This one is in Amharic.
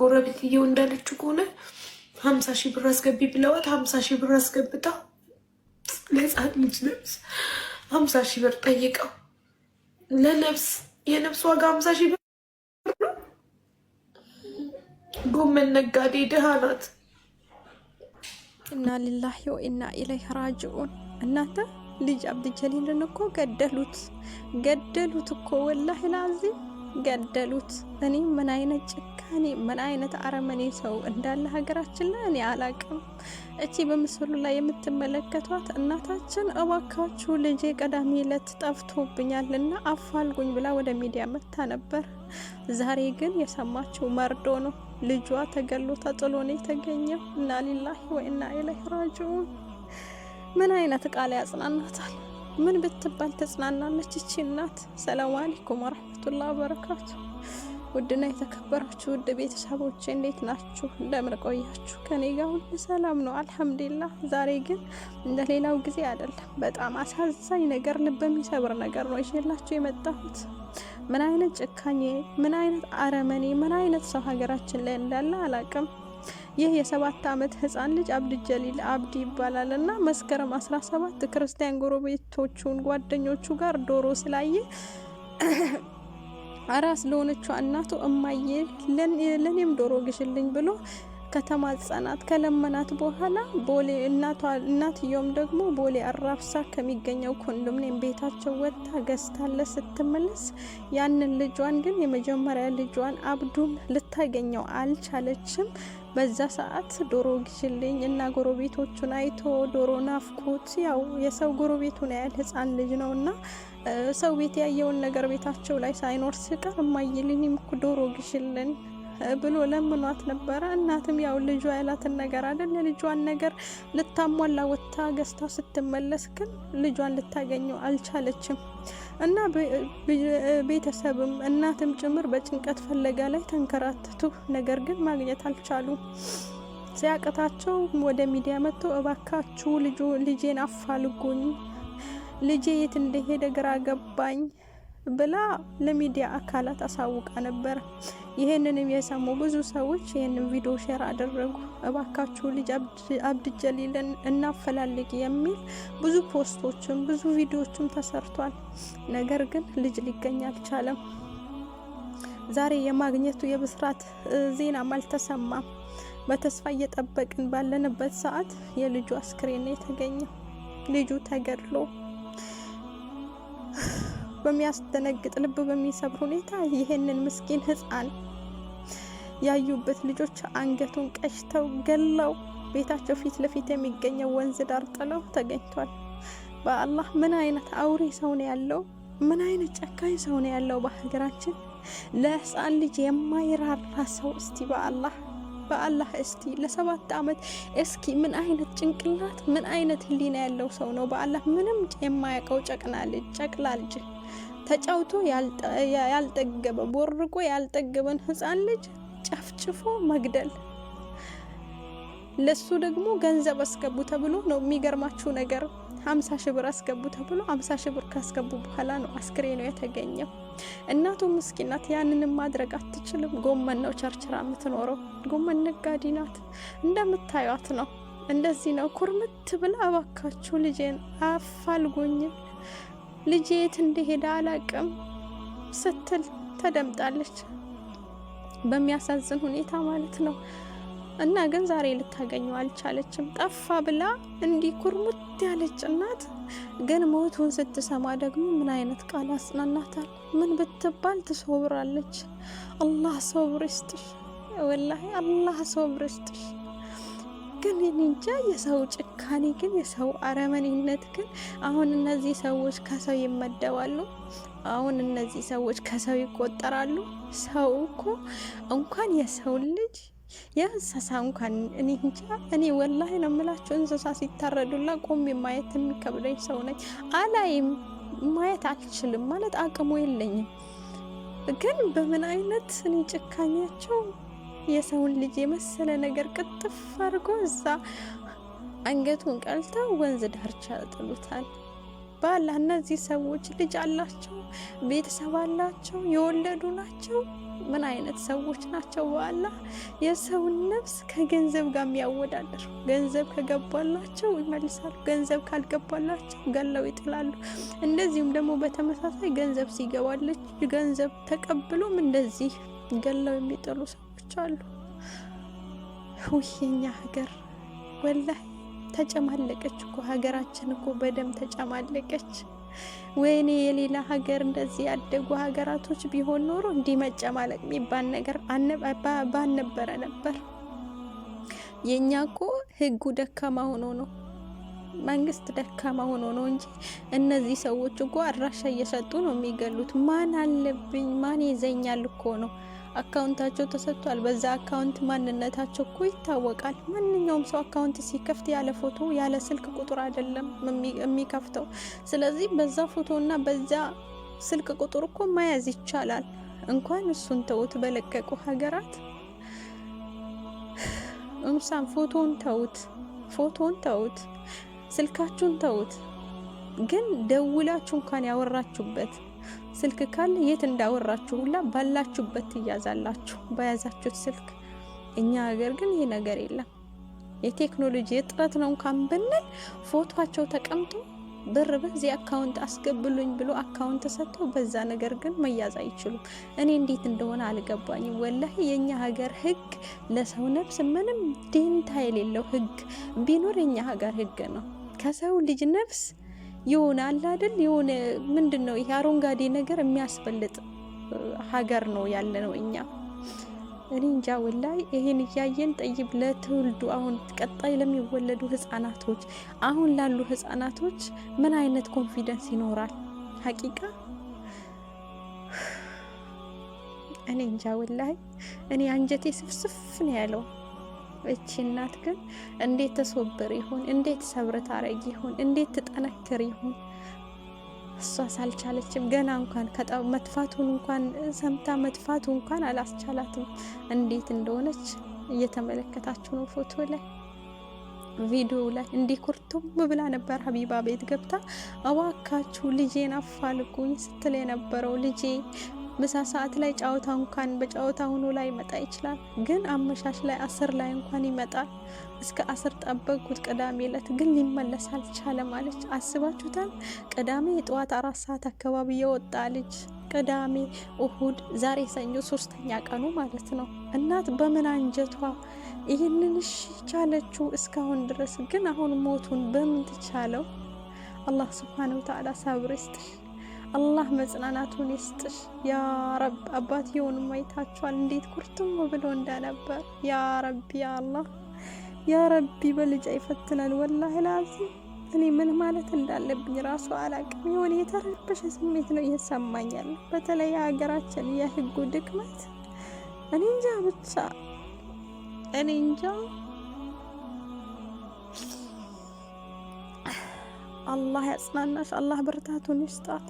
ጎረቤትየው እንዳለችው ከሆነ ሀምሳ ሺህ ብር አስገቢ ብለዋት ሀምሳ ሺህ ብር አስገብታ ለህፃን ልጅ ነብስ ሀምሳ ሺህ ብር ጠይቀው ለነብስ የነብስ ዋጋ ሀምሳ ሺህ ብር ነው። ጎመን ነጋዴ ድሃ ናት። እና ሊላሂ ወኢና ኢለይሂ ራጅዑን። እናንተ ልጅ አብድጀሊልን እኮ ገደሉት፣ ገደሉት እኮ ወላሂ ላዚም ገደሉት። እኔ ምን አይነት ጭካኔ፣ ምን አይነት አረመኔ ሰው እንዳለ ሀገራችን ላይ እኔ አላቅም። እቺ በምስሉ ላይ የምትመለከቷት እናታችን እባካችሁ ልጄ ቀዳሚ ዕለት ጠፍቶብኛል እና አፋልጉኝ ብላ ወደ ሚዲያ መታ ነበር። ዛሬ ግን የሰማችው መርዶ ነው። ልጇ ተገሎ ተጥሎ ነው የተገኘው። እና ሊላሂ ወኢና ኢለይሂ ራጂዑን። ምን አይነት ቃል ያጽናናታል? ምን ብትባል ተጽናናለች እቺ እናት። ሰላም አለይኩም ወረሕመቱላህ በረካቱ። ውድና የተከበራችሁ ውድ ቤተሰቦች እንዴት ናችሁ? እንደምን ቆያችሁ? ከኔ ጋር ሁሉ ሰላም ነው አልሐምዱሊላህ። ዛሬ ግን እንደ ሌላው ጊዜ አይደለም። በጣም አሳዛኝ ነገር፣ ልብ የሚሰብር ነገር ነው ይዤላችሁ የመጣሁት። ምን አይነት ጭካኔ፣ ምን አይነት አረመኔ፣ ምን አይነት ሰው ሀገራችን ላይ እንዳለ አላቅም። ይህ የሰባት ዓመት ህፃን ልጅ አብድጀሊል አብዲ ይባላል እና መስከረም 17 ክርስቲያን ጎረቤቶቹን ጓደኞቹ ጋር ዶሮ ስላየ አራስ ለሆነችው እናቱ እማዬ ለኔም ዶሮ ግሽልኝ ብሎ ከተማጸናት ከለመናት በኋላ ቦሌ እናትየውም ደግሞ ቦሌ አራብሳ ከሚገኘው ኮንዶሚኒየም ቤታቸው ወጥታ ገዝታለ ስትመለስ ያንን ልጇን ግን የመጀመሪያ ልጇን አብዱን ልታገኘው አልቻለችም። በዛ ሰዓት ዶሮ ግሽልኝ እና ጎረቤቶቹን አይቶ ዶሮ ናፍቆት፣ ያው የሰው ጎረቤቱን ያህል ህፃን ልጅ ነው እና ሰው ቤት ያየውን ነገር ቤታቸው ላይ ሳይኖር ስቀር እማዬ ዶሮ ግሽልን ብሎ ለምኗት ነበረ። እናትም ያው ልጇ ያላትን ነገር አይደል የልጇን ነገር ልታሟላ ወጥታ ገዝታ ስትመለስ ግን ልጇን ልታገኘው አልቻለችም። እና ቤተሰብም እናትም ጭምር በጭንቀት ፍለጋ ላይ ተንከራተቱ። ነገር ግን ማግኘት አልቻሉ። ሲያቅታቸው ወደ ሚዲያ መጥቶ እባካችሁ ልጄን አፋልጉኝ፣ ልጄ የት እንደሄደ ግራ ገባኝ ብላ ለሚዲያ አካላት አሳውቃ ነበር ይህንንም የሰሙ ብዙ ሰዎች ይህንን ቪዲዮ ሼር አደረጉ። እባካችሁ ልጅ አብድጀሊልን እናፈላልግ የሚል ብዙ ፖስቶችም ብዙ ቪዲዮችም ተሰርቷል። ነገር ግን ልጅ ሊገኝ አልቻለም። ዛሬ የማግኘቱ የብስራት ዜናም አልተሰማም። በተስፋ እየጠበቅን ባለንበት ሰዓት የልጁ አስክሬን የተገኘ ልጁ ተገድሎ በሚያስደነግጥ ልብ በሚሰብር ሁኔታ ይህንን ምስኪን ህፃን ያዩበት ልጆች አንገቱን ቀሽተው ገለው ቤታቸው ፊት ለፊት የሚገኘው ወንዝ ዳር ጥለው ተገኝቷል። በአላህ ምን አይነት አውሬ ሰው ነው ያለው? ምን አይነት ጨካኝ ሰው ነው ያለው በሀገራችን? ለህፃን ልጅ የማይራራ ሰው እስቲ በአላህ በአላህ እስቲ ለሰባት አመት እስኪ ምን አይነት ጭንቅላት ምን አይነት ህሊና ያለው ሰው ነው? በአላህ ምንም የማያውቀው ጨቅና ልጅ ጨቅላ ልጅ ተጫውቶ ያልጠገበ ቦርቆ ያልጠገበን ህፃን ልጅ ጨፍጭፎ መግደል ለሱ ደግሞ ገንዘብ አስገቡ ተብሎ ነው። የሚገርማችሁ ነገር ሀምሳ ሺህ ብር አስገቡ ተብሎ ሀምሳ ሺህ ብር ካስገቡ በኋላ ነው ነው የተገኘው። እናቱ ምስኪናት ናት፣ ያንንም ማድረግ አትችልም። ጎመን ነው ቸርችራ የምትኖረው፣ ጎመን ነጋዴ ናት። እንደምታዩት ነው፣ እንደዚህ ነው ኩርምት ብላ። አባካችሁ ልጄን አፋልጉኝ ልጄ የት እንደሄደ አላቅም ስትል ተደምጣለች። በሚያሳዝን ሁኔታ ማለት ነው። እና ግን ዛሬ ልታገኘው አልቻለችም። ጠፋ ብላ እንዲህ ኩርሙት ያለች እናት ግን ሞቱን ስትሰማ ደግሞ ምን አይነት ቃል አጽናናታል? ምን ብትባል ትሶብራለች። አላህ ሶብር ይስጥሽ፣ ወላሂ አላህ ሶብር ይስጥሽ። ግን እንጃ የሰው ጭካኔ ግን የሰው አረመኔነት ግን አሁን እነዚህ ሰዎች ከሰው ይመደባሉ። አሁን እነዚህ ሰዎች ከሰው ይቆጠራሉ። ሰው እኮ እንኳን የሰው ልጅ የእንስሳ እንኳን እኔ እንጃ። እኔ ወላሂ ነው የምላቸው እንስሳ ሲታረዱላ ቆሜ ማየት የሚከብደኝ ሰው ነኝ። አላይም፣ ማየት አልችልም ማለት አቅሙ የለኝም። ግን በምን አይነት እኔ ጭካኔያቸው የሰውን ልጅ የመሰለ ነገር ቅጥፍ አድርጎ እዛ አንገቱን ቀልተው ወንዝ ዳርቻ ጥሉታል። ባላ እነዚህ ሰዎች ልጅ አላቸው፣ ቤተሰብ አላቸው፣ የወለዱ ናቸው። ምን አይነት ሰዎች ናቸው? በላ የሰውን ነፍስ ከገንዘብ ጋር የሚያወዳደር ገንዘብ ከገባላቸው ይመልሳሉ፣ ገንዘብ ካልገባላቸው ገለው ይጥላሉ። እንደዚሁም ደግሞ በተመሳሳይ ገንዘብ ሲገባለች ገንዘብ ተቀብሎም እንደዚህ ገለው የሚጥሉ ሰው ሰዎች ውይ የኛ ሀገር ወላሂ ተጨማለቀች እኮ ሀገራችን እኮ በደም ተጨማለቀች። ወይኔ የሌላ ሀገር እንደዚህ ያደጉ ሀገራቶች ቢሆን ኖሮ እንዲህ መጨማለቅ የሚባል ነገር ባልነበረ ነበር። የእኛ እኮ ህጉ ደካማ ሆኖ ነው፣ መንግስት ደካማ ሆኖ ነው እንጂ እነዚህ ሰዎች እኮ አድራሻ እየሰጡ ነው የሚገሉት። ማን አለብኝ ማን ይዘኛል እኮ ነው አካውንታቸው ተሰጥቷል። በዛ አካውንት ማንነታቸው እኮ ይታወቃል። ማንኛውም ሰው አካውንት ሲከፍት ያለ ፎቶ ያለ ስልክ ቁጥር አይደለም የሚከፍተው። ስለዚህ በዛ ፎቶና በዛ ስልክ ቁጥር እኮ መያዝ ይቻላል። እንኳን እሱን ተውት፣ በለቀቁ ሀገራት እምሳን ፎቶን ተውት፣ ፎቶን ተውት፣ ስልካችሁን ተውት። ግን ደውላችሁ እንኳን ያወራችሁበት ስልክ ካለ የት እንዳወራችሁ ሁላ ባላችሁበት ትያዛላችሁ፣ በያዛችሁት ስልክ። እኛ ሀገር ግን ይህ ነገር የለም። የቴክኖሎጂ እጥረት ነው እንኳን ብንል ፎቶቸው ተቀምጦ ብር በዚህ አካውንት አስገብሉኝ ብሎ አካውንት ሰጥቶ በዛ ነገር ግን መያዝ አይችሉም። እኔ እንዴት እንደሆነ አልገባኝም። ወላሂ የኛ ሀገር ሕግ ለሰው ነፍስ ምንም ደንታ የሌለው ሕግ ቢኖር የኛ ሀገር ሕግ ነው። ከሰው ልጅ ነፍስ የሆነ አለ አይደል የሆነ ምንድን ነው ይሄ አረንጓዴ ነገር የሚያስበልጥ ሀገር ነው ያለ ነው እኛ እኔ እንጃ ወላይ ይሄን እያየን ጠይብ ለትውልዱ አሁን ቀጣይ ለሚወለዱ ህጻናቶች አሁን ላሉ ህጻናቶች ምን አይነት ኮንፊደንስ ይኖራል? ሀቂቃ እኔ እንጃ ወላይ እኔ አንጀቴ ስፍስፍ ነው ያለው። እቺ እናት ግን እንዴት ተሶብር ይሆን? እንዴት ሰብር ታረግ ይሆን? እንዴት ትጠነክር ይሆን? እሷ ሳልቻለችም ገና እንኳን መጥፋቱን እንኳን ሰምታ መጥፋቱ እንኳን አላስቻላትም። እንዴት እንደሆነች እየተመለከታችሁ ነው ፎቶ ላይ ቪዲዮ ላይ እንዲህ ኩርቱም ብላ ነበር ሀቢባ ቤት ገብታ እባካችሁ ልጄን አፋልጉኝ ስትል የነበረው ልጄ ምሳ ሰዓት ላይ ጨዋታ እንኳን በጨዋታ ሆኖ ላይ ይመጣ ይችላል፣ ግን አመሻሽ ላይ አስር ላይ እንኳን ይመጣል። እስከ አስር ጠበቅኩት። ቅዳሜ ዕለት ግን ሊመለስ አልቻለም አለች። አስባችሁታል? ቅዳሜ የጠዋት አራት ሰዓት አካባቢ የወጣ ልጅ ቅዳሜ፣ እሁድ፣ ዛሬ ሰኞ፣ ሶስተኛ ቀኑ ማለት ነው። እናት በምን አንጀቷ ይህንን እሺ ቻለችው እስካሁን ድረስ ግን አሁን ሞቱን በምን ትቻለው? አላህ ስብሓነሁ ወተዓላ ሳብር ይስጥሽ። አላህ መጽናናቱን ይስጥሽ ያ አባት የሆኑ አይታችኋል እንዴት ኩርትም ብሎ እንደነበር። ያ ረቢ ያረቢ በልጃ ይፈትነን። ወላሂ ላዚ እኔ ምን ማለት እንዳለብኝ ራሱ አላቅም። የሆነ የተረበሸ ስሜት ነው እየሰማኛል። በተለይ የሀገራችን የህጉ ድክመት እኔ እንጃ ብቻ እኔ እንጃ አላህ ያጽናናሽ። አላህ ብርታቱን ይስጣት።